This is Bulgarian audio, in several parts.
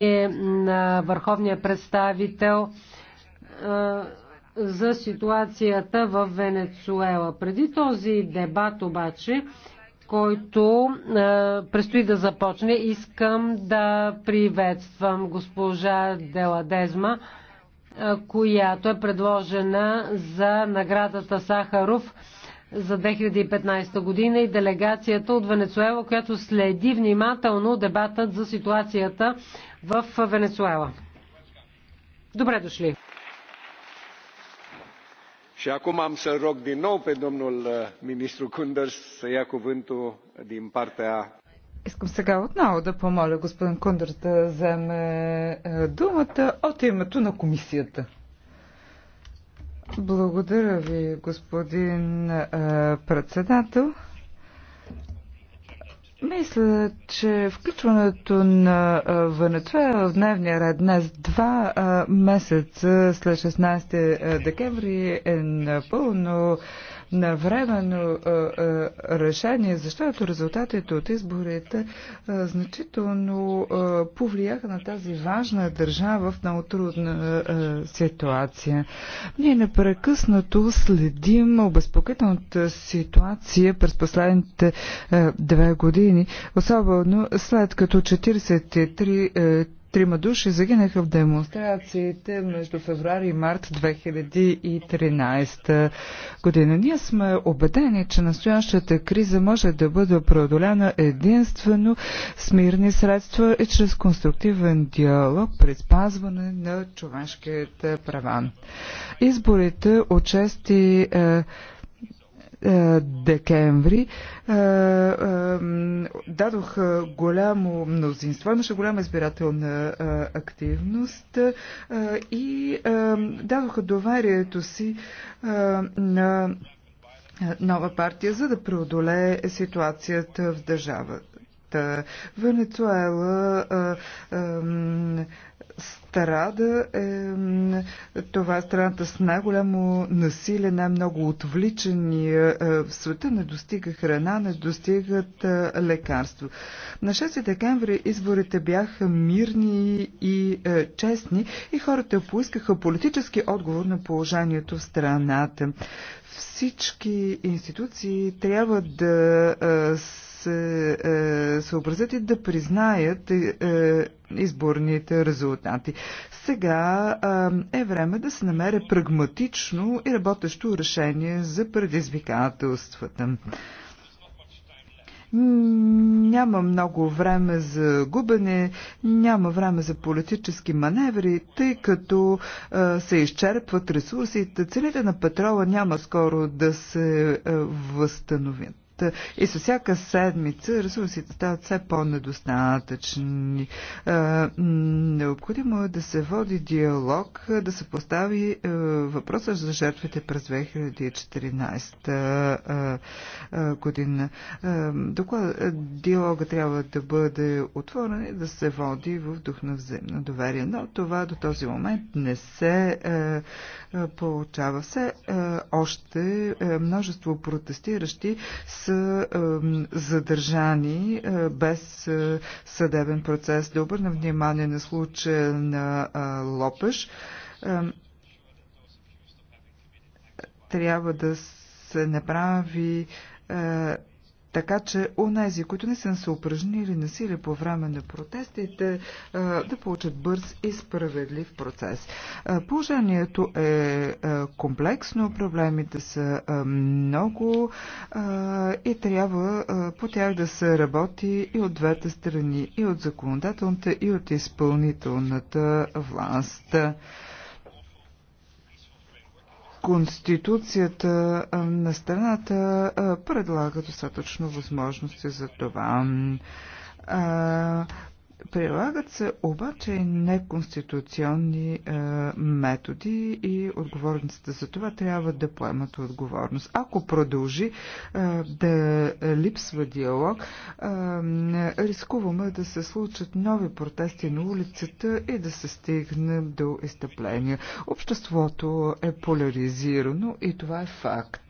Е на върховния представител за ситуацията в Венецуела. Преди този дебат обаче, който предстои да започне, искам да приветствам госпожа Деладезма, която е предложена за наградата Сахаров за 2015 година и делегацията от Венецуела, която следи внимателно дебатът за ситуацията в Венецуела. Добре дошли! Și acum am să rog din nou pe domnul uh, ministru Кундърс să ia cuvântul din partea Искам сега отново да помоля господин Кундър да вземе е, думата от името на комисията. Благодаря ви, господин председател. Мисля, че включването на Венецуела в дневния ред днес, два месеца след 16 декември, е напълно навременно е, е, решение, защото резултатите от изборите е, значително повлияха на тази важна държава в много трудна ситуация. Ние непрекъснато следим обезпокоителната ситуация през последните две години, особено след като 43 трима души загинаха в демонстрациите между февруари и март 2013 година. Ние сме убедени, че настоящата криза може да бъде преодоляна единствено с мирни средства и чрез конструктивен диалог при спазване на човешките права. Изборите чести е, е, декември е, е, дадох голямо мнозинство, имаше голяма избирателна активност и дадоха доверието си на нова партия, за да преодолее ситуацията в държавата. Венецуела страда е, това е страната с най-голямо насилие, най-много отвличани е, в света. Не достига храна, не достигат е, лекарства. На 6 декември изборите бяха мирни и е, честни и хората поискаха политически отговор на положението в страната. Всички институции трябва да е, се е, съобразят и да признаят е, е, изборните резултати. Сега е време да се намери прагматично и работещо решение за предизвикателствата. Няма много време за губене, няма време за политически маневри, тъй като е, се изчерпват ресурсите. Цените на петрола няма скоро да се е, възстановят и с всяка седмица ресурсите стават все по-недостатъчни. Е, необходимо е да се води диалог, е, да се постави е, въпроса за жертвите през 2014 година. Доклад, диалога трябва да бъде отворен и да се води в дух на взаимно доверие, но това до този момент не се получава. Все още множество протестиращи с са задържани без съдебен процес. Да обърна внимание на случая на Лопеш. Трябва да се направи така че онези, които не са се упражнили насилие по време на протестите, да получат бърз и справедлив процес. Положението е комплексно, проблемите са много и трябва по тях да се работи и от двете страни, и от законодателната, и от изпълнителната власт. Конституцията на страната предлага достатъчно възможности за това Прилагат се обаче неконституционни е, методи и отговорниците за това трябва да поемат отговорност. Ако продължи е, да липсва диалог, е, рискуваме да се случат нови протести на улицата и да се стигне до изтъпления. Обществото е поляризирано и това е факт.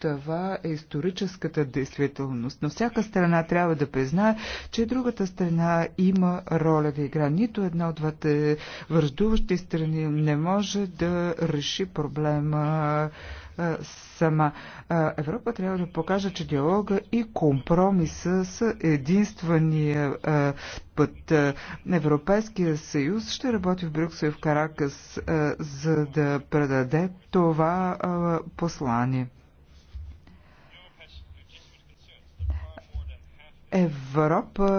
Това е историческата действителност. Но всяка страна трябва да признае, че другата страна има роля да игра. Нито една от двете връждуващи страни не може да реши проблема сама. Европа трябва да покаже, че диалога и компромиса са единствения път. Европейския съюз ще работи в Брюксел и в Каракас, за да предаде това послание. Европа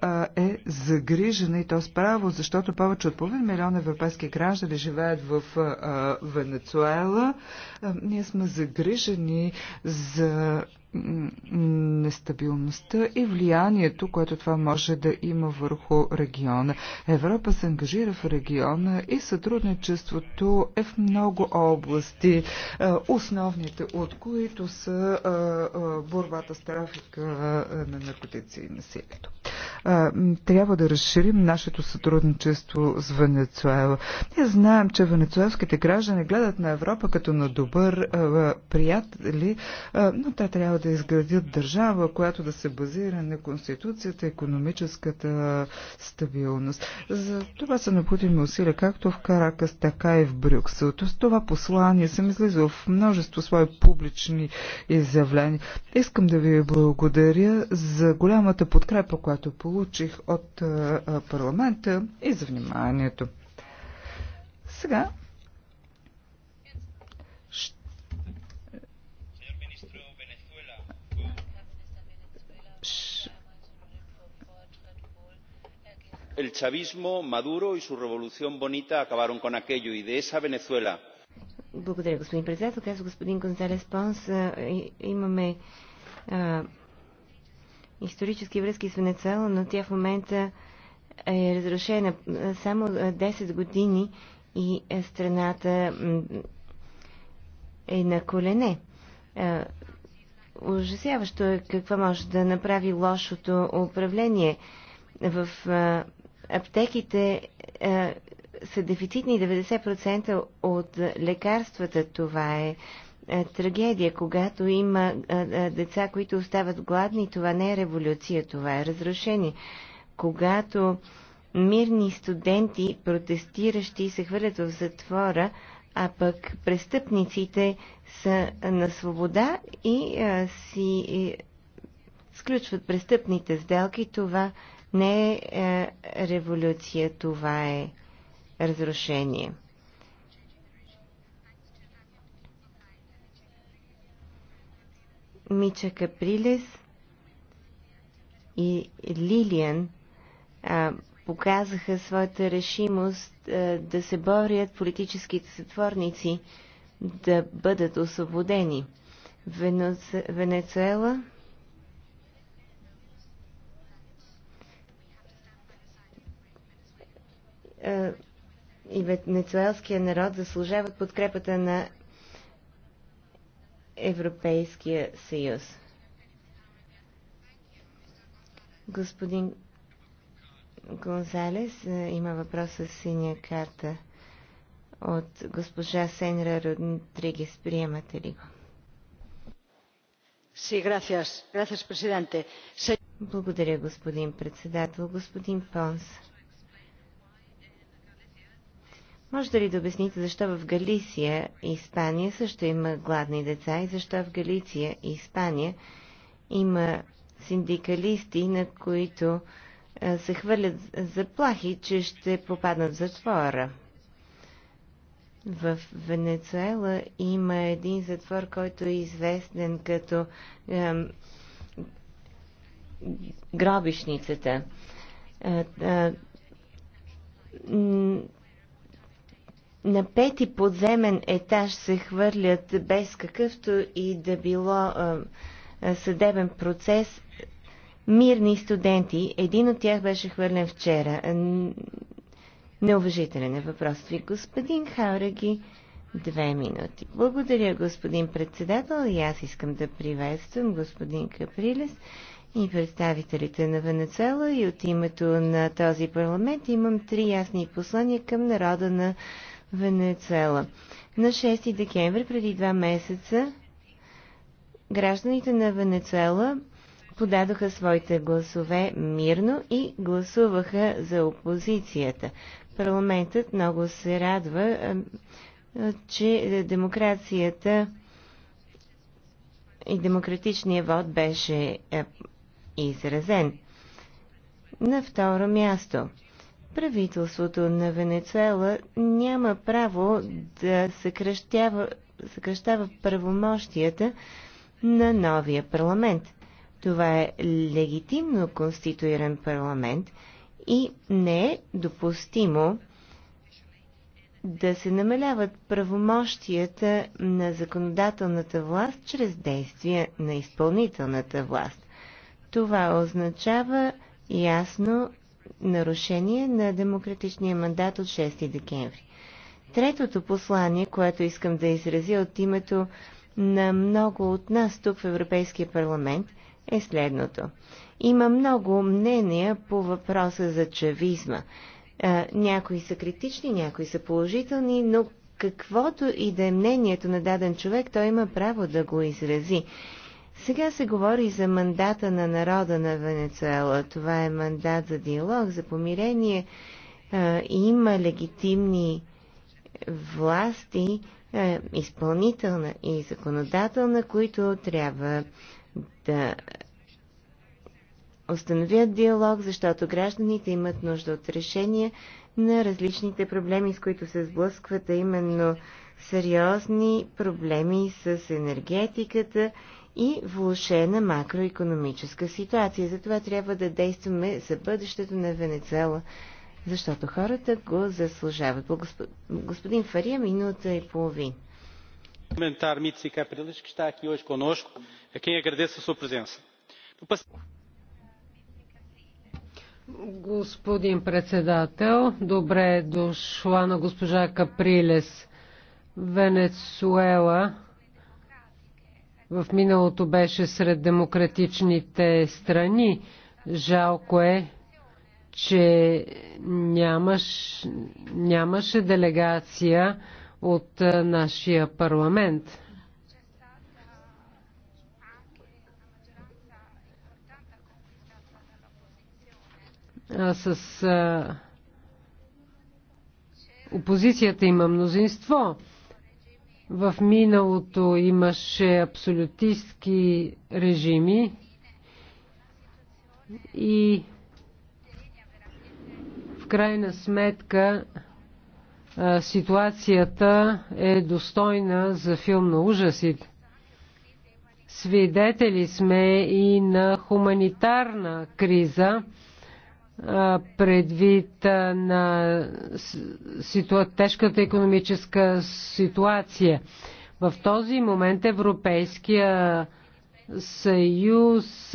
а, е загрижена и то справо, защото повече от половин милион европейски граждани живеят в а, Венецуела. А, ние сме загрижени за нестабилността и влиянието, което това може да има върху региона. Европа се ангажира в региона и сътрудничеството е в много области, е, основните от които са е, е, борбата с трафика на наркотици и насилието. Трябва да разширим нашето сътрудничество с Венецуела. Ние знаем, че венецуелските граждани гледат на Европа като на добър приятели, но те трябва да изградят държава, която да се базира на конституцията, економическата стабилност. За това са необходими усилия както в Каракас, така и в Брюксел. Тоест това послание съм излизал в множество свои публични изявления. Искам да ви благодаря за голямата подкрепа, която получих получих от парламента и за вниманието. Сега el chavismo maduro y su revolución bonita acabaron con aquello y de esa venezuela. Благодаря, господин председател. Казва господин Гонзалес Понс. Имаме а, исторически връзки с Венецуела, но тя в момента е разрушена само 10 години и страната е на колене. Ужасяващо е какво може да направи лошото управление. В аптеките са дефицитни 90% от лекарствата. Това е е, трагедия, когато има е, е, деца, които остават гладни. Това не е революция, това е разрушение. Когато мирни студенти, протестиращи, се хвърлят в затвора, а пък престъпниците са на свобода и а, си и, сключват престъпните сделки, това не е а, революция, това е разрушение. Мича Каприлес и Лилиан а, показаха своята решимост а, да се борят политическите сътворници да бъдат освободени. Венецу... Венецуела и венецуелския народ заслужават подкрепата на Европейския съюз. Господин Гонзалес е, има въпрос с синя карта от госпожа Сенра Родригес. Приемате ли го? Sí, gracias. Gracias, Благодаря, господин председател. Господин Понс. Можете ли да обясните защо в Галисия и Испания също има гладни деца и защо в Галиция и Испания има синдикалисти, на които се хвърлят заплахи, че ще попаднат в затвора? В Венецуела има един затвор, който е известен като е, гробишницата. Е, е, на пети подземен етаж се хвърлят без какъвто и да било съдебен процес мирни студенти. Един от тях беше хвърлен вчера. Неуважителен е въпросът ви. Господин Хауреги, две минути. Благодаря, господин председател. И аз искам да приветствам господин Каприлес и представителите на Венецуела и от името на този парламент имам три ясни послания към народа на Венецела. На 6 декември, преди два месеца, гражданите на Венецуела подадоха своите гласове мирно и гласуваха за опозицията. Парламентът много се радва, че демокрацията и демократичният вод беше изразен. На второ място – Правителството на Венецуела няма право да съкръщава, съкръщава правомощията на новия парламент. Това е легитимно конституиран парламент и не е допустимо да се намаляват правомощията на законодателната власт чрез действия на изпълнителната власт. Това означава ясно нарушение на демократичния мандат от 6 декември. Третото послание, което искам да изразя от името на много от нас тук в Европейския парламент, е следното. Има много мнения по въпроса за чавизма. Някои са критични, някои са положителни, но каквото и да е мнението на даден човек, той има право да го изрази. Сега се говори за мандата на народа на Венецуела. Това е мандат за диалог, за помирение. Е, има легитимни власти, е, изпълнителна и законодателна, които трябва да установят диалог, защото гражданите имат нужда от решения на различните проблеми, с които се сблъскват, а именно сериозни проблеми с енергетиката и влошена макроекономическа ситуация. Затова трябва да действаме за бъдещето на Венецела, защото хората го заслужават. Господин Фария, минута и половин. Comentar Mitzi Capriles, que está aqui hoje conosco, a quem agradeço a sua Господин председател, добре е дошла на госпожа Каприлес. Венецуела в миналото беше сред демократичните страни. Жалко е, че нямаш, нямаше делегация от нашия парламент. А с а, опозицията има мнозинство. В миналото имаше абсолютистски режими и в крайна сметка ситуацията е достойна за филм на ужасите. Свидетели сме и на хуманитарна криза предвид на ситуа... тежката економическа ситуация. В този момент Европейския съюз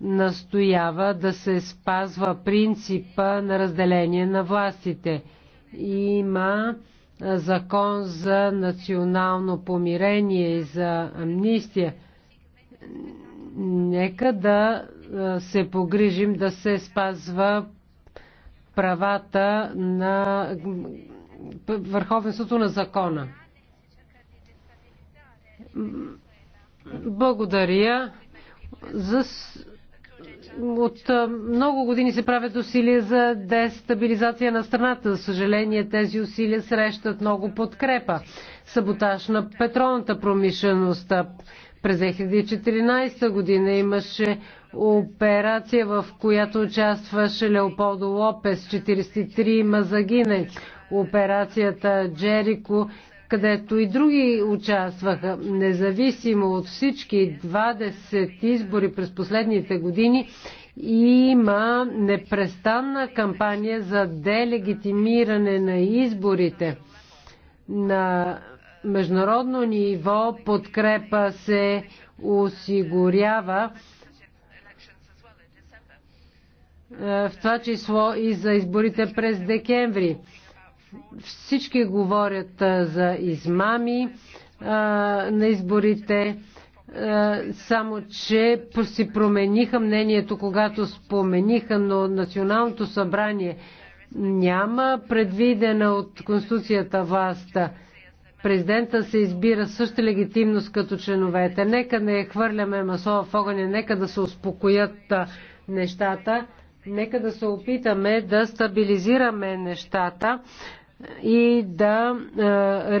настоява да се спазва принципа на разделение на властите. Има закон за национално помирение и за амнистия. Нека да се погрижим да се спазва правата на върховенството на закона. Благодаря. За... От много години се правят усилия за дестабилизация на страната. За съжаление, тези усилия срещат много подкрепа. Саботаж на петролната промишленост. През 2014 година имаше операция, в която участваше Леополдо Лопес, 43 ма загине. Операцията Джерико, където и други участваха. Независимо от всички 20 избори през последните години, има непрестанна кампания за делегитимиране на изборите. На международно ниво подкрепа се осигурява е, в това число и за изборите през декември. Всички говорят е, за измами е, на изборите, само че си промениха мнението, когато спомениха, но Националното събрание няма предвидена от Конституцията власт. Президента се избира същата легитимност като членовете. Нека не хвърляме масло в огъня, нека да се успокоят нещата. Нека да се опитаме да стабилизираме нещата и да е,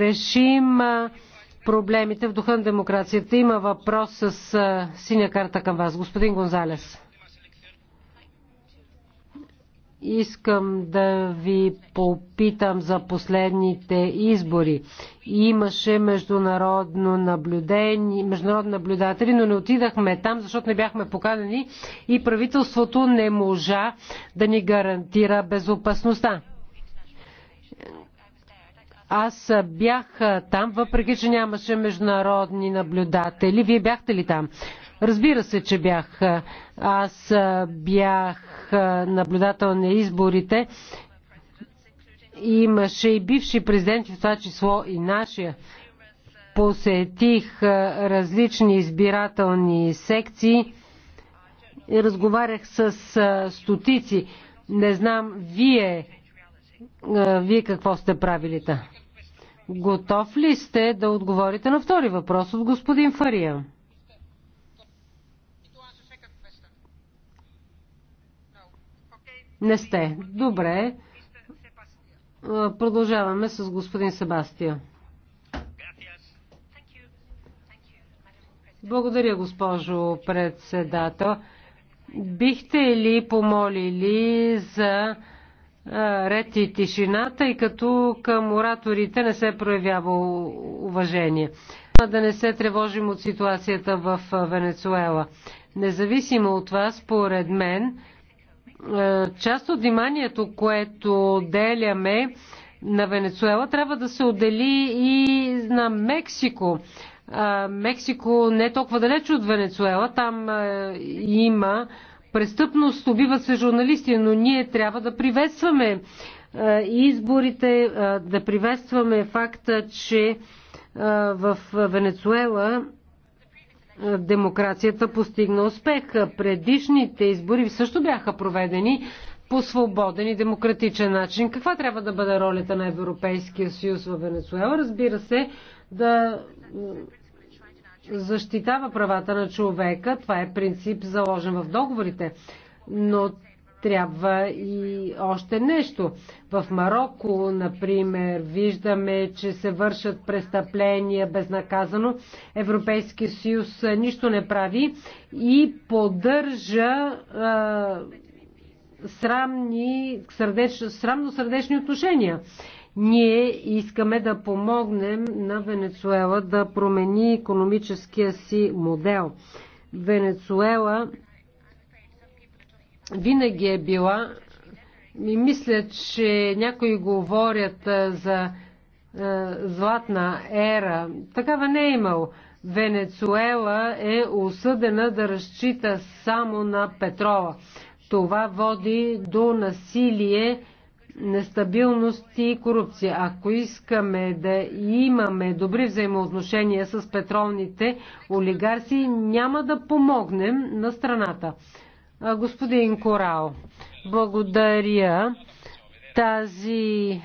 решим е, проблемите в духа на демокрацията. Има въпрос с е, синя карта към вас. Господин Гонзалес. Искам да ви попитам за последните избори. Имаше международно наблюдение, международни наблюдатели, но не отидахме там, защото не бяхме поканени и правителството не можа да ни гарантира безопасността. Аз бях там, въпреки че нямаше международни наблюдатели. Вие бяхте ли там? Разбира се, че бях. Аз бях наблюдател на изборите. Имаше и бивши президенти, в това число и нашия. Посетих различни избирателни секции и разговарях с стотици. Не знам вие, вие какво сте правили Готов ли сте да отговорите на втори въпрос от господин Фария? Не сте. Добре. Продължаваме с господин Себастия. Благодаря, госпожо председател. Бихте ли помолили за ред и тишината, и като към ораторите не се проявява уважение? Да не се тревожим от ситуацията в Венецуела. Независимо от това, според мен, е, част от вниманието, което деляме на Венецуела, трябва да се отдели и на Мексико. Е, Мексико не е толкова далеч от Венецуела. Там е, има престъпност, убиват се журналисти, но ние трябва да приветстваме изборите, да приветстваме факта, че в Венецуела демокрацията постигна успех. Предишните избори също бяха проведени по свободен и демократичен начин. Каква трябва да бъде ролята на Европейския съюз в Венецуела? Разбира се, да защитава правата на човека. Това е принцип заложен в договорите. Но трябва и още нещо. В Марокко, например, виждаме, че се вършат престъпления безнаказано. Европейския съюз нищо не прави и поддържа срамни, сърдеч, срамно сърдечни отношения. Ние искаме да помогнем на Венецуела да промени економическия си модел. Венецуела винаги е била и мисля, че някои говорят за златна ера. Такава не е имал. Венецуела е осъдена да разчита само на петрола. Това води до насилие, нестабилност и корупция. Ако искаме да имаме добри взаимоотношения с петролните олигарси, няма да помогнем на страната. Господин Корал, благодаря. Тази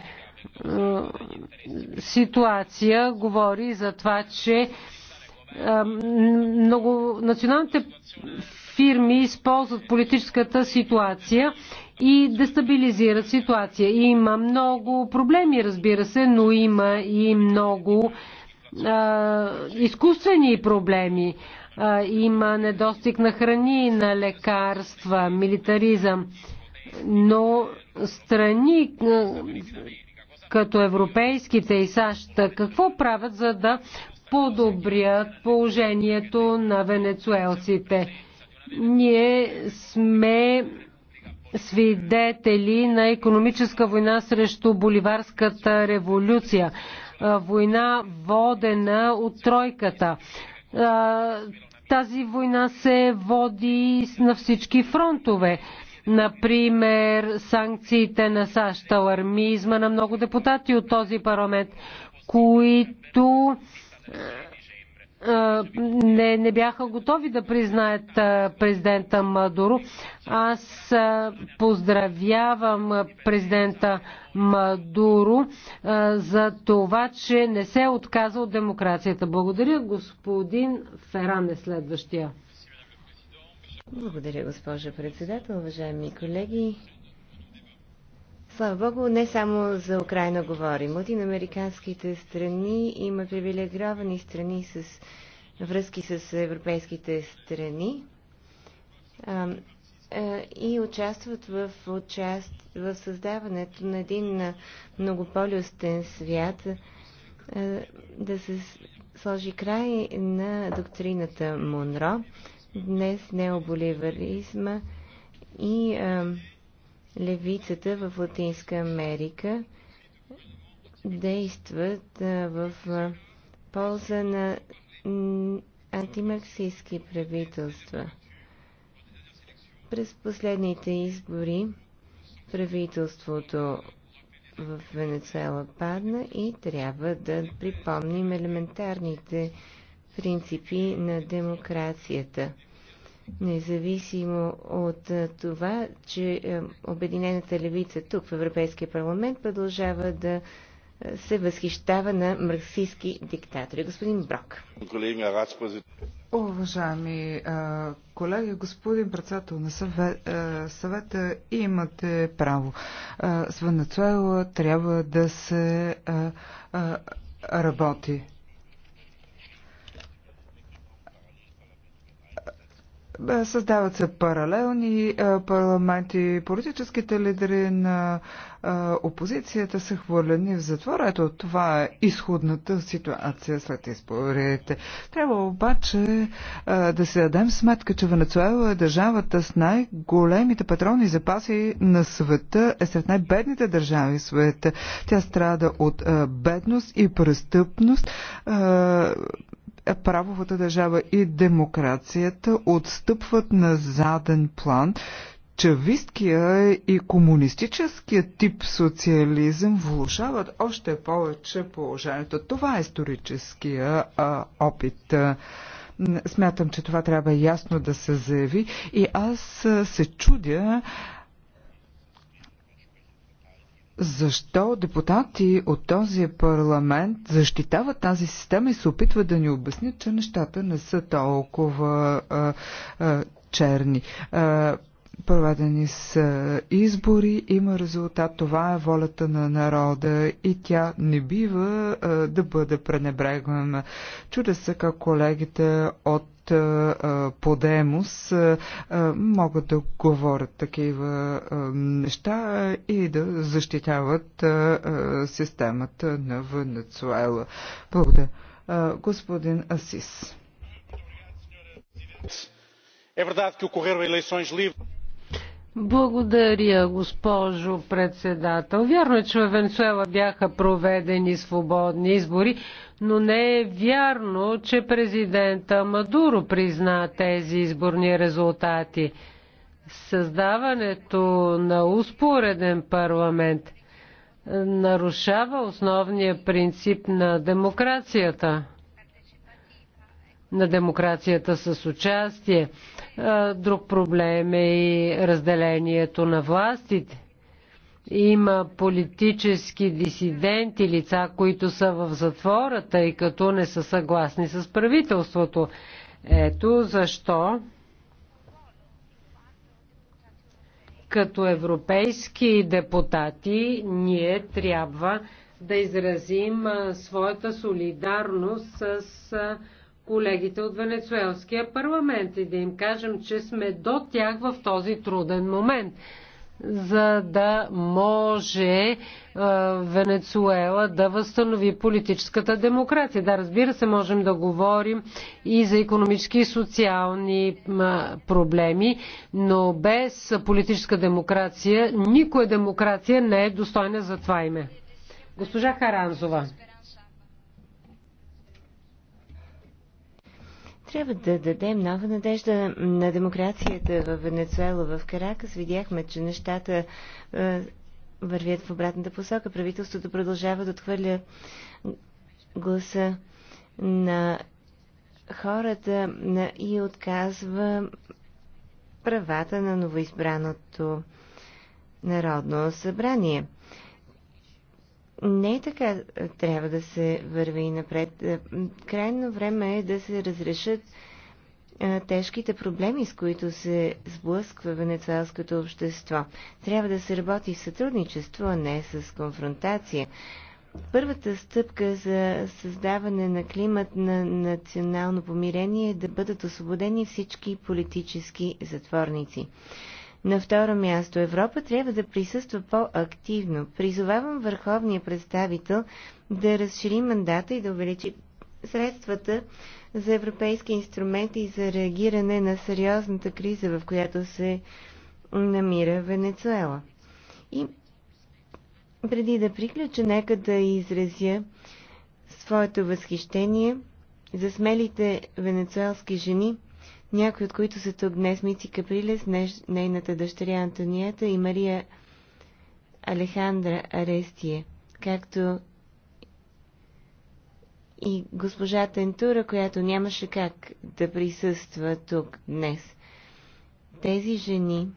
ситуация говори за това, че много националните фирми използват политическата ситуация и дестабилизират ситуация. Има много проблеми, разбира се, но има и много а, изкуствени проблеми. Има недостиг на храни, на лекарства, милитаризъм. Но страни като европейските и САЩ, какво правят за да подобрят положението на венецуелците? Ние сме свидетели на економическа война срещу боливарската революция. Война водена от тройката. Тази война се води на всички фронтове. Например, санкциите на САЩ, алармизма на много депутати от този парламент, които не, не бяха готови да признаят президента Мадуро. Аз поздравявам президента Мадуро за това, че не се е отказал от демокрацията. Благодаря. Господин Феран е следващия. Благодаря, госпожа председател. Уважаеми колеги, Слава Богу, не само за Украина говорим. Латиноамериканските страни има привилегировани страни с връзки с европейските страни а, а, и участват в, участ... в създаването на един многополюстен свят а, да се сложи край на доктрината Монро, днес необоливаризма и а, левицата в Латинска Америка действат в полза на антимарксистски правителства. През последните избори правителството в Венецуела падна и трябва да припомним елементарните принципи на демокрацията – независимо от това, че Обединената левица тук в Европейския парламент продължава да се възхищава на марксистски диктатори. Господин Брок. Уважаеми колеги, господин председател на съвет, съвета, имате право. С Венецуела трябва да се работи. Е, създават се паралелни е, парламенти, политическите лидери на е, опозицията са хвърлени в затвора. Ето това е изходната ситуация след изборите. Трябва обаче да се дадем сметка, че Венецуела е държавата с най-големите патронни запаси на света, е сред най-бедните държави в света. Тя страда от бедност и престъпност правовата държава и демокрацията отстъпват на заден план. Чависткия и комунистическия тип социализъм влушават още повече положението. Това е историческия а, опит. Смятам, че това трябва ясно да се заяви и аз се чудя защо депутати от този парламент защитават тази система и се опитват да ни обяснят, че нещата не са толкова а, а, черни. А, проведени са избори, има резултат, това е волята на народа и тя не бива а, да бъде пренебрегвана. Чудя се как колегите от подемос могат да говорят такива неща и да защитават системата на Венецуела. Благодаря. Господин Асис. É verdade que ocorreram eleições livres. Благодаря, госпожо председател. Вярно е, че в Венцуела бяха проведени свободни избори, но не е вярно, че президента Мадуро призна тези изборни резултати. Създаването на успореден парламент нарушава основния принцип на демокрацията. На демокрацията с участие Друг проблем е и разделението на властите. Има политически дисиденти, лица, които са в затвора, тъй като не са съгласни с правителството. Ето защо като европейски депутати ние трябва да изразим своята солидарност с колегите от Венецуелския парламент и да им кажем, че сме до тях в този труден момент, за да може е, Венецуела да възстанови политическата демокрация. Да, разбира се, можем да говорим и за економически и социални проблеми, но без политическа демокрация никоя демокрация не е достойна за това име. Госпожа Харанзова. Трябва да дадем нова надежда на демокрацията в Венецуела, в Каракас. Видяхме, че нещата е, вървят в обратната посока. Правителството продължава да отхвърля гласа на хората и отказва правата на новоизбраното Народно събрание. Не е така трябва да се върви и напред. Е, крайно време е да се разрешат е, тежките проблеми, с които се сблъсква венецуелското общество. Трябва да се работи в сътрудничество, а не с конфронтация. Първата стъпка за създаване на климат на национално помирение е да бъдат освободени всички политически затворници. На второ място, Европа трябва да присъства по-активно. Призовавам върховния представител да разшири мандата и да увеличи средствата за европейски инструменти за реагиране на сериозната криза, в която се намира Венецуела. И преди да приключа, нека да изразя своето възхищение за смелите венецуелски жени – някои от които са тук днес Мици Каприлес, нейната дъщеря Антонията и Мария Алехандра Арестие, както и госпожа Тентура, която нямаше как да присъства тук днес. Тези жени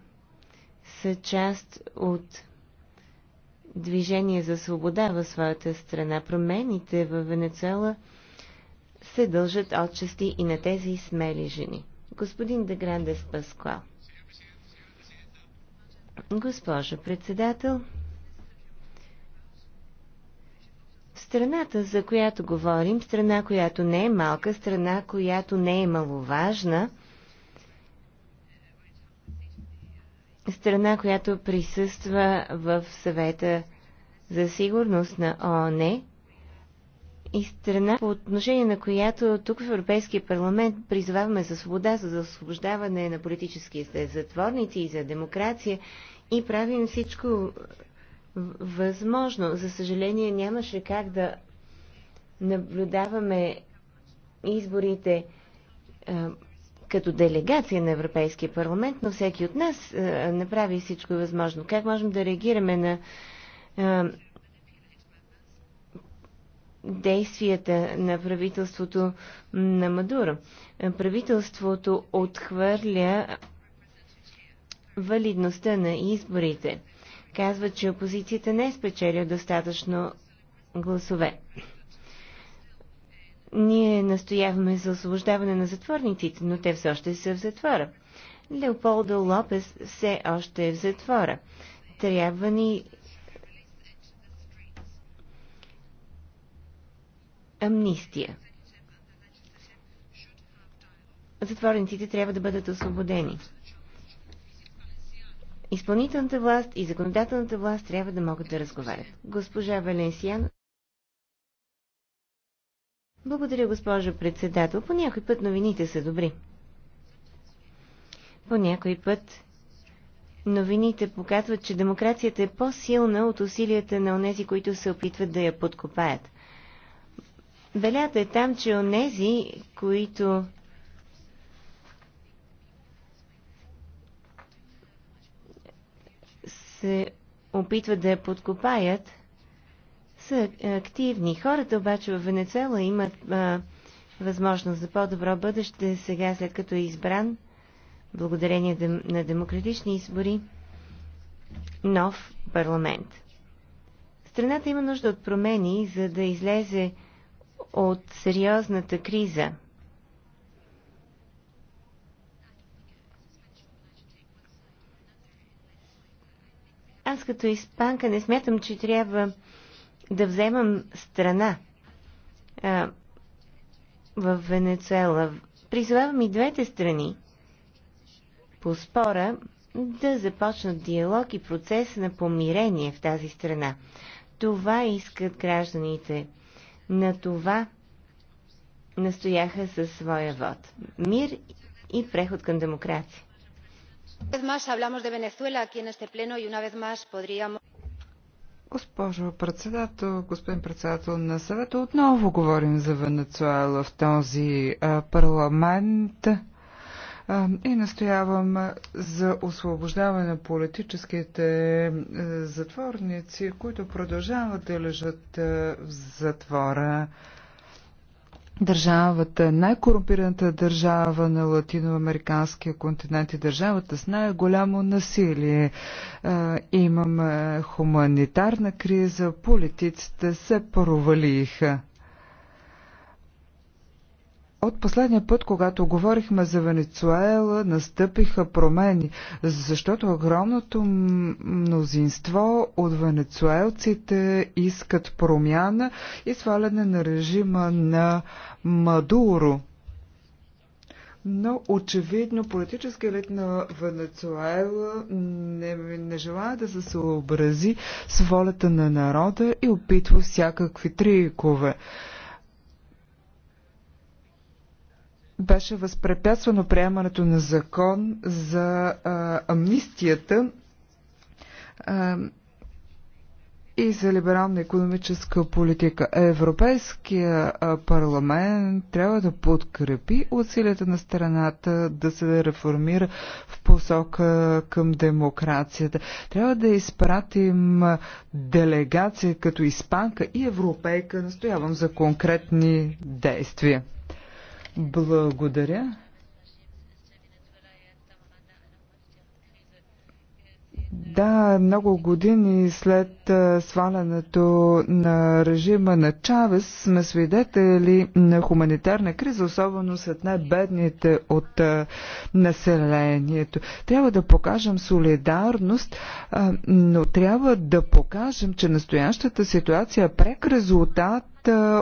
са част от движение за свобода в своята страна. Промените в Венецуела се дължат отчасти и на тези смели жени. Господин Деграндес Паскуал. Госпожо председател, страната, за която говорим, страна, която не е малка, страна, която не е маловажна, страна, която присъства в съвета за сигурност на ООН, и страна, по отношение на която тук в Европейския парламент призваваме за свобода, за освобождаване на политически затворници и за демокрация и правим всичко възможно. За съжаление нямаше как да наблюдаваме изборите като делегация на Европейския парламент, но всеки от нас а, направи всичко възможно. Как можем да реагираме на а, действията на правителството на Мадуро. Правителството отхвърля валидността на изборите. Казва, че опозицията не е спечелила достатъчно гласове. Ние настояваме за освобождаване на затворниците, но те все още са в затвора. Леополдо Лопес все още е в затвора. Трябва ни амнистия. Затворниците трябва да бъдат освободени. Изпълнителната власт и законодателната власт трябва да могат да разговарят. Госпожа Валенсиан. Благодаря, госпожо председател. По някой път новините са добри. По някой път новините показват, че демокрацията е по-силна от усилията на онези, които се опитват да я подкопаят. Белята е там, че онези, които се опитват да я подкопаят, са активни. Хората обаче в Венецела имат а, възможност за по-добро бъдеще сега, след като е избран, благодарение на демократични избори, нов парламент. Страната има нужда от промени, за да излезе от сериозната криза. Аз като испанка не смятам, че трябва да вземам страна а, в Венецуела. Призовавам и двете страни по спора да започнат диалог и процес на помирение в тази страна. Това искат гражданите на това настояха със своя вод. Мир и преход към демокрация. Госпожо председател, господин председател на съвета, отново говорим за Венецуела в този парламент и настоявам за освобождаване на политическите е, затворници, които продължават да лежат е, в затвора. Държавата, най-корумпираната държава на латиноамериканския континент и държавата с най-голямо насилие. Е, имаме хуманитарна криза, политиците се провалиха. От последния път, когато говорихме за Венецуела, настъпиха промени, защото огромното мнозинство от венецуелците искат промяна и сваляне на режима на Мадуро. Но очевидно политически елит на Венецуела не, не желая да се съобрази с волята на народа и опитва всякакви трикове. беше възпрепятствано приемането на закон за а, амнистията а, и за либерална економическа политика. Европейския парламент трябва да подкрепи усилията на страната да се реформира в посока към демокрацията. Трябва да изпратим делегация като испанка и европейка. Настоявам за конкретни действия. Благодаря. Да, много години след свалянето на режима на Чавес сме свидетели на хуманитарна криза, особено след най-бедните от населението. Трябва да покажем солидарност, но трябва да покажем, че настоящата ситуация е прек резултат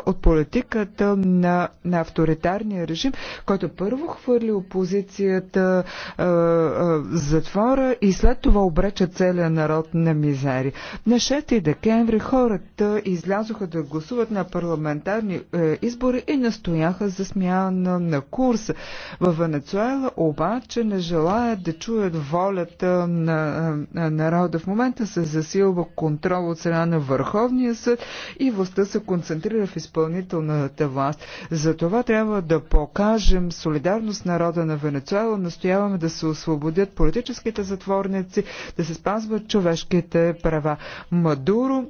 от политиката на, на авторитарния режим, който първо хвърли опозицията а, а, затвора и след това обреча целия народ на мизери. На 6 декември хората излязоха да гласуват на парламентарни е, избори и настояха за смяна на курса. В Венецуела обаче не желаят да чуят волята на, на народа. В момента се засилва контрол от страна на Върховния съд и властта се концентрира демонстрира в изпълнителната власт. За това трябва да покажем солидарност народа на Венецуела, настояваме да се освободят политическите затворници, да се спазват човешките права. Мадуро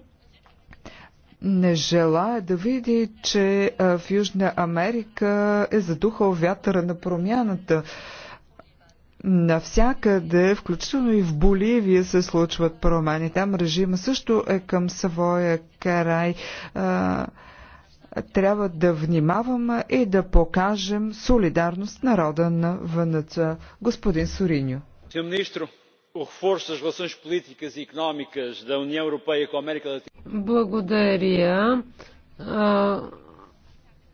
не желая да види, че в Южна Америка е задухал вятъра на промяната. Навсякъде, включително и в Боливия, се случват промени. Там режима също е към своя край трябва да внимаваме и да покажем солидарност народа на Венеца. Господин Сориньо. Благодаря.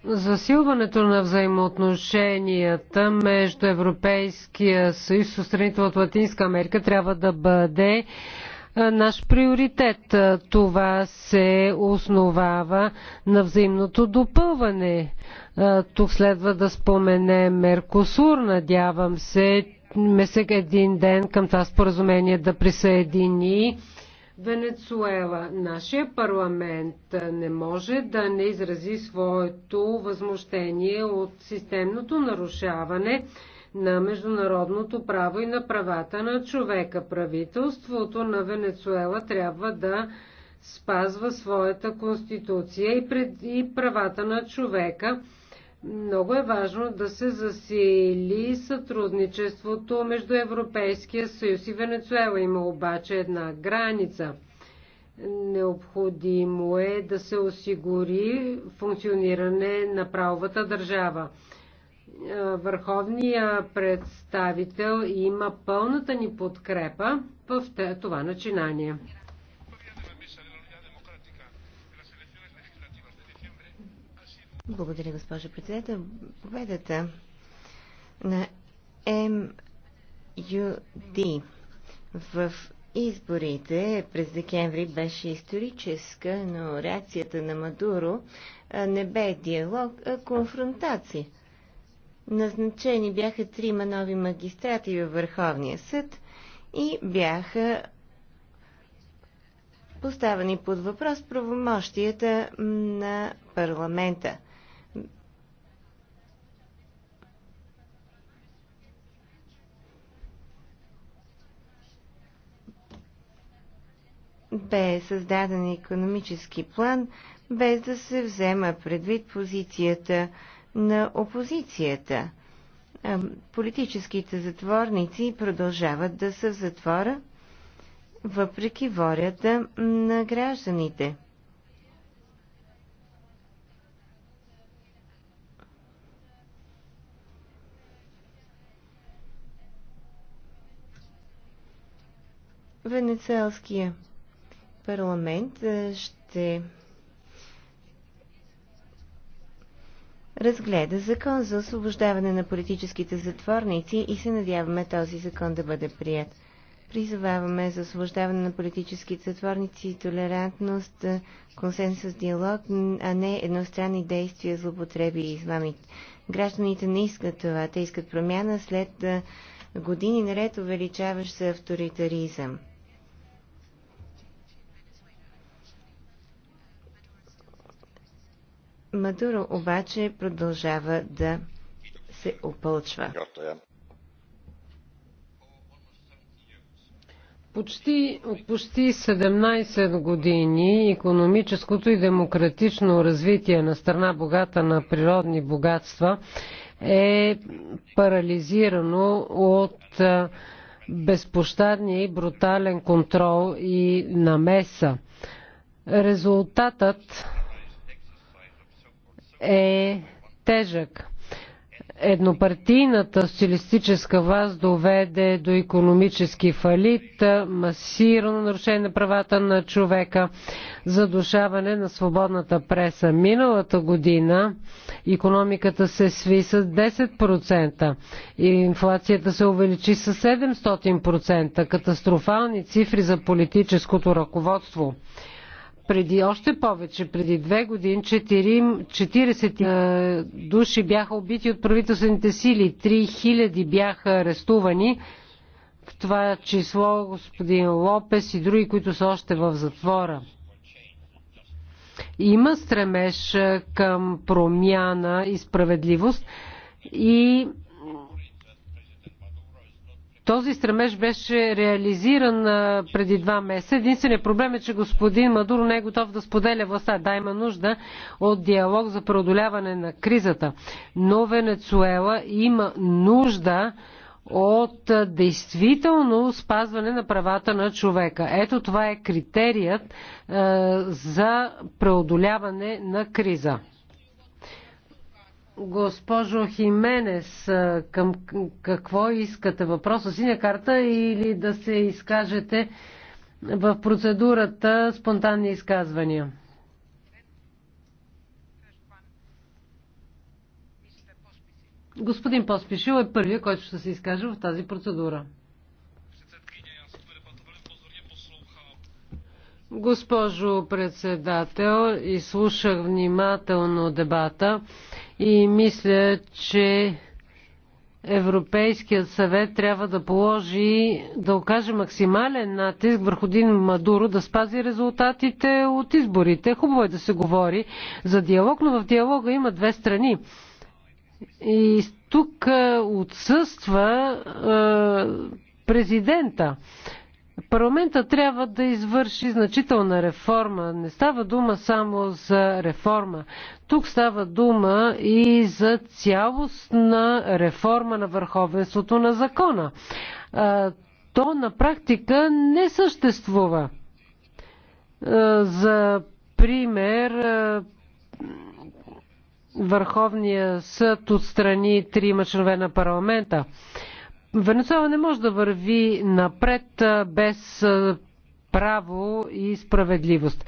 Засилването на взаимоотношенията между Европейския съюз и страните от Латинска Америка трябва да бъде е, наш приоритет. Е, това се основава на взаимното допълване. Е, тук следва да спомене Меркосур. Надявам се, Месек един ден към това споразумение да присъедини Венецуела. Нашия парламент не може да не изрази своето възмущение от системното нарушаване на международното право и на правата на човека. Правителството на Венецуела трябва да спазва своята конституция и, пред, и правата на човека. Много е важно да се засили сътрудничеството между Европейския съюз и Венецуела. Има обаче една граница. Необходимо е да се осигури функциониране на правовата държава. Е, върховния представител има пълната ни подкрепа в това начинание. Благодаря, госпожа председател. Победата на МЮД в изборите през декември беше историческа, но реакцията на Мадуро не бе диалог, а конфронтация. Назначени бяха трима нови магистрати във Върховния съд и бяха поставени под въпрос правомощията на парламента. Бе създаден економически план, без да се взема предвид позицията на опозицията. Политическите затворници продължават да са в затвора, въпреки волята на гражданите. Венецуелския парламент ще разгледа закон за освобождаване на политическите затворници и се надяваме този закон да бъде прият. Призоваваме за освобождаване на политическите затворници, толерантност, консенсус, диалог, а не едностранни действия, злопотреби и измами. Гражданите не искат това. Те искат промяна след години наред увеличаващ се авторитаризъм. Мадуро обаче продължава да се опълчва. Почти, почти 17 години економическото и демократично развитие на страна богата на природни богатства е парализирано от безпощадния и брутален контрол и намеса. Резултатът е тежък. Еднопартийната социалистическа власт доведе до економически фалит, масирано нарушение на правата на човека, задушаване на свободната преса. Миналата година економиката се сви с 10%, и инфлацията се увеличи с 700%, катастрофални цифри за политическото ръководство преди още повече, преди две години, 40 души бяха убити от правителствените сили, 3000 бяха арестувани, в това число господин Лопес и други, които са още в затвора. Има стремеж към промяна и справедливост и този стремеж беше реализиран преди два месеца. Единственият проблем е, че господин Мадуро не е готов да споделя властта. Да, има нужда от диалог за преодоляване на кризата. Но Венецуела има нужда от действително спазване на правата на човека. Ето това е критерият е, за преодоляване на криза. Госпожо Хименес, към какво искате? Въпроса синя карта или да се изкажете в процедурата спонтанни изказвания? Господин Поспишил е първият, който ще се изкаже в тази процедура. Госпожо председател, изслушах внимателно дебата и мисля, че Европейският съвет трябва да положи, да окаже максимален натиск върху Дин Мадуро да спази резултатите от изборите. Хубаво е да се говори за диалог, но в диалога има две страни. И тук е, отсъства е, президента. Парламента трябва да извърши значителна реформа. Не става дума само за реформа. Тук става дума и за цялостна реформа на върховенството на закона. То на практика не съществува. За пример, Върховния съд отстрани трима членове на парламента. Венецуела не може да върви напред без право и справедливост.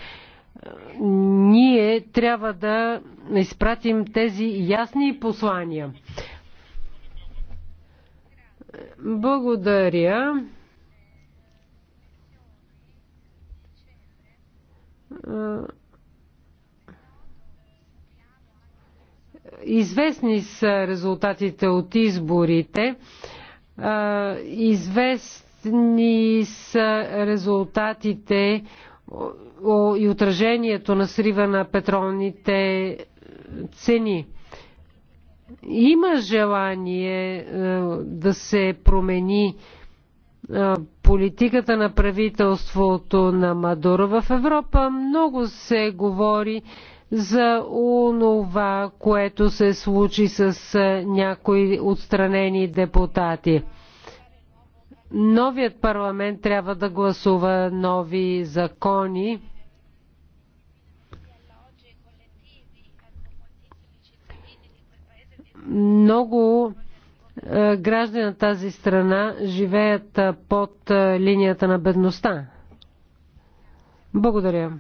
Ние трябва да изпратим тези ясни послания. Благодаря. Известни са резултатите от изборите известни са резултатите и отражението на срива на петролните цени. Има желание е, да се промени е, политиката на правителството на Мадуро в Европа. Много се говори за онова, което се случи с някои отстранени депутати. Новият парламент трябва да гласува нови закони. Много граждани на тази страна живеят под линията на бедността. Благодаря.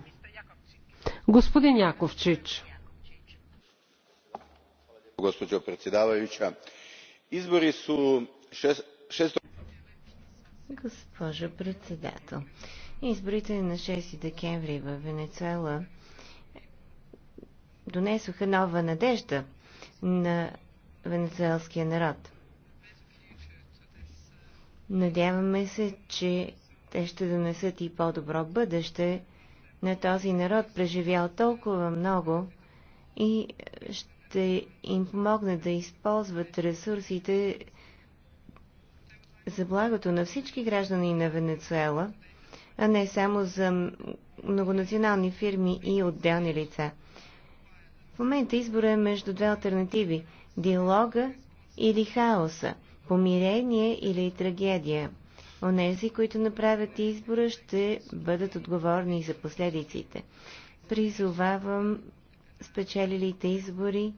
Господин Яковчич. Gospođo predsjedavajuća, izbori su šest... šesto... Госпожо председател, изборите на 6 декември в Венецуела донесоха нова надежда на венецуелския народ. Надяваме се, че те ще донесат и по-добро бъдеще на този народ, преживял толкова много и ще им помогне да използват ресурсите за благото на всички граждани на Венецуела, а не само за многонационални фирми и отделни лица. В момента избора е между две альтернативи – диалога или хаоса, помирение или трагедия – Онези, които направят избора, ще бъдат отговорни за последиците. Призовавам спечелилите избори,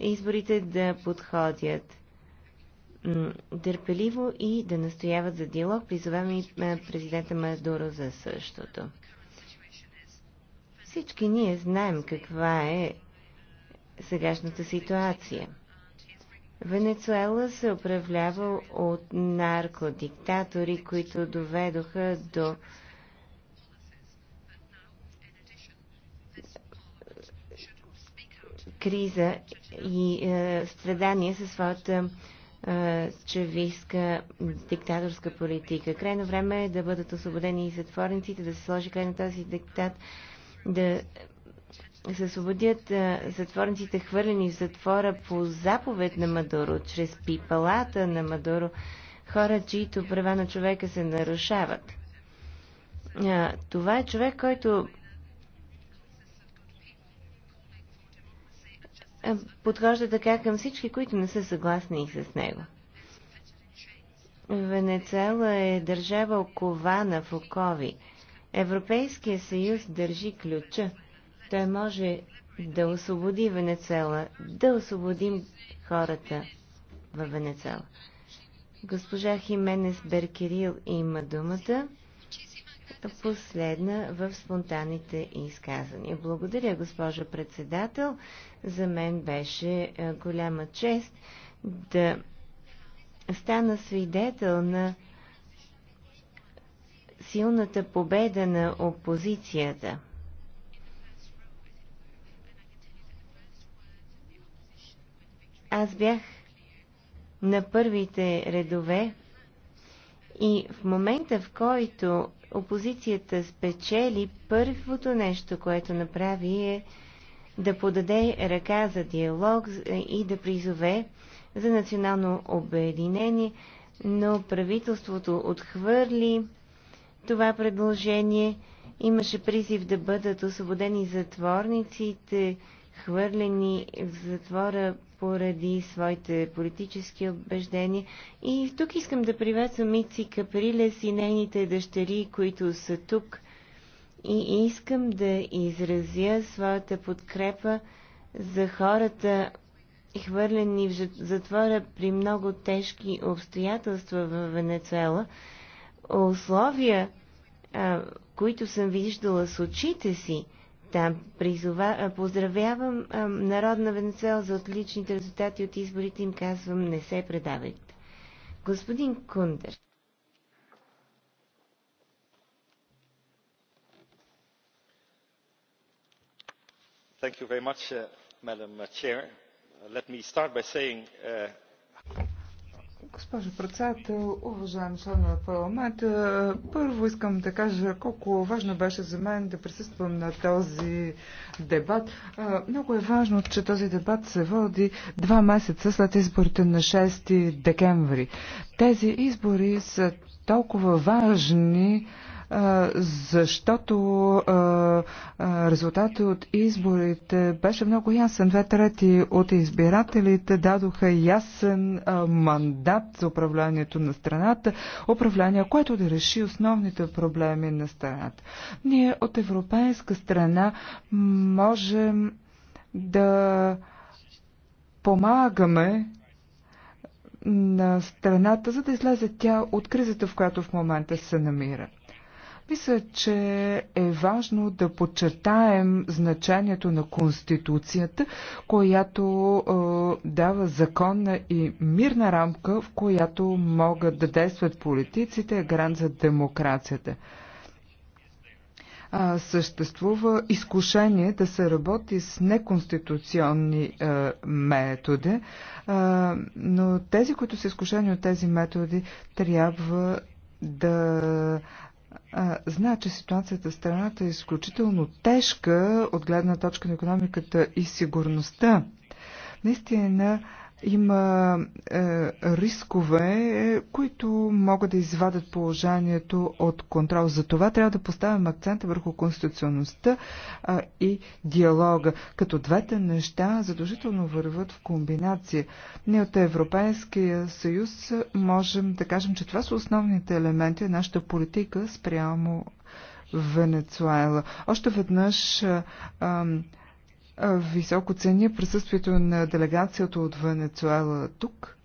изборите да подходят търпеливо и да настояват за диалог. Призовавам и президента Мадуро за същото. Всички ние знаем каква е сегашната ситуация – Венецуела се управлява от наркодиктатори, които доведоха до криза и е, страдания със своята е, чавистка диктаторска политика. Крайно време е да бъдат освободени и затворниците, да се сложи край на този диктат, да се освободят затворниците, хвърлени в затвора по заповед на Мадуро, чрез пипалата на Мадуро, хора, чието права на човека се нарушават. Това е човек, който подхожда така към всички, които не са съгласни с него. Венецела е държава окована в окови. Европейския съюз държи ключа – той може да освободи Венецела, да освободим хората в Венецела. Госпожа Хименес Беркерил има думата. Последна в спонтанните изказания. Благодаря, госпожа председател. За мен беше е, голяма чест да стана свидетел на силната победа на опозицията. Аз бях на първите редове и в момента, в който опозицията спечели, първото нещо, което направи е да подаде ръка за диалог и да призове за национално обединение, но правителството отхвърли това предложение. Имаше призив да бъдат освободени затворниците, хвърлени в затвора поради своите политически убеждения. И тук искам да приветствам Мици Каприлес и нейните дъщери, които са тук. И искам да изразя своята подкрепа за хората, хвърлени в затвора при много тежки обстоятелства в Венецуела. Условия, които съм виждала с очите си, там призова, поздравявам Народна Венецуела за отличните резултати от изборите им казвам не се предавайте. Господин Кундер. Thank you very much, uh, Madam Chair. Uh, let me start by saying uh, Госпожо председател, уважаеми членове на парламента, първо искам да кажа колко важно беше за мен да присъствам на този дебат. Много е важно, че този дебат се води два месеца след изборите на 6 декември. Тези избори са толкова важни, защото резултатът от изборите беше много ясен. Две трети от избирателите дадоха ясен мандат за управлението на страната, управление, което да реши основните проблеми на страната. Ние от европейска страна можем да помагаме на страната, за да излезе тя от кризата, в която в момента се намира. Мисля, че е важно да подчертаем значението на Конституцията, която е, дава законна и мирна рамка, в която могат да действат политиците, е грант за демокрацията а, съществува изкушение да се работи с неконституционни е, методи, е, но тези, които са изкушени от тези методи, трябва да Зна, че ситуацията в страната е изключително тежка от гледна точка на економиката и сигурността. Наистина има е, рискове, които могат да извадат положението от контрол. За това трябва да поставим акцента върху конституционността е, и диалога. Като двете неща задължително върват в комбинация. Ние от Европейския съюз можем да кажем, че това са основните елементи на нашата политика спрямо Венецуела. Още веднъж. Е, е, Високо ценя присъствието на делегацията от Венецуела тук.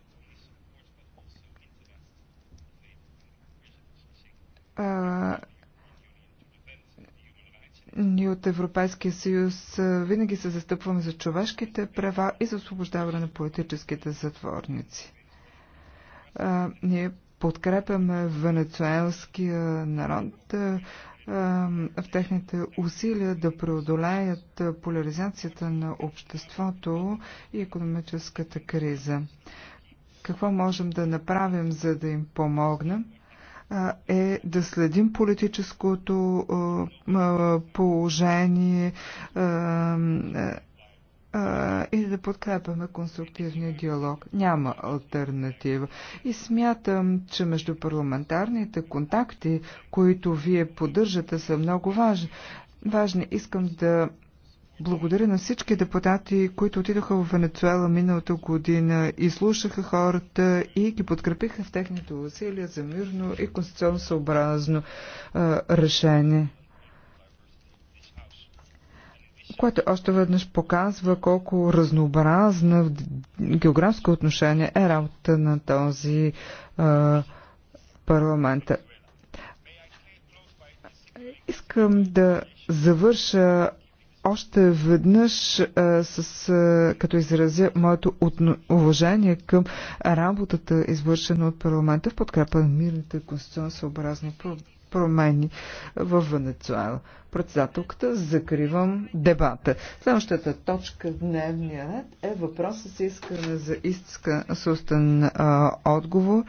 А, ние от Европейския съюз винаги се застъпваме за човешките права и за освобождаване на политическите затворници. А, ние подкрепяме венецуелския народ е, е, в техните усилия да преодолеят поляризацията на обществото и економическата криза. Какво можем да направим, за да им помогнем? е да следим политическото е, положение, и да подкрепяме конструктивния диалог. Няма альтернатива. И смятам, че между парламентарните контакти, които вие поддържате, са много важни. Важни. Искам да благодаря на всички депутати, които отидоха в Венецуела миналата година и слушаха хората и ги подкрепиха в техните усилия за мирно и конституционно съобразно решение което още веднъж показва колко разнообразна в географско отношение е работа на този а, парламент. Искам да завърша още веднъж а, с, а, като изразя моето отно, уважение към работата, извършена от парламента в подкрепа на мирните конституционно съобразни промени в Венецуела. Председателката, закривам дебата. Следващата точка в дневния ред е въпросът с искане за истинска с отговор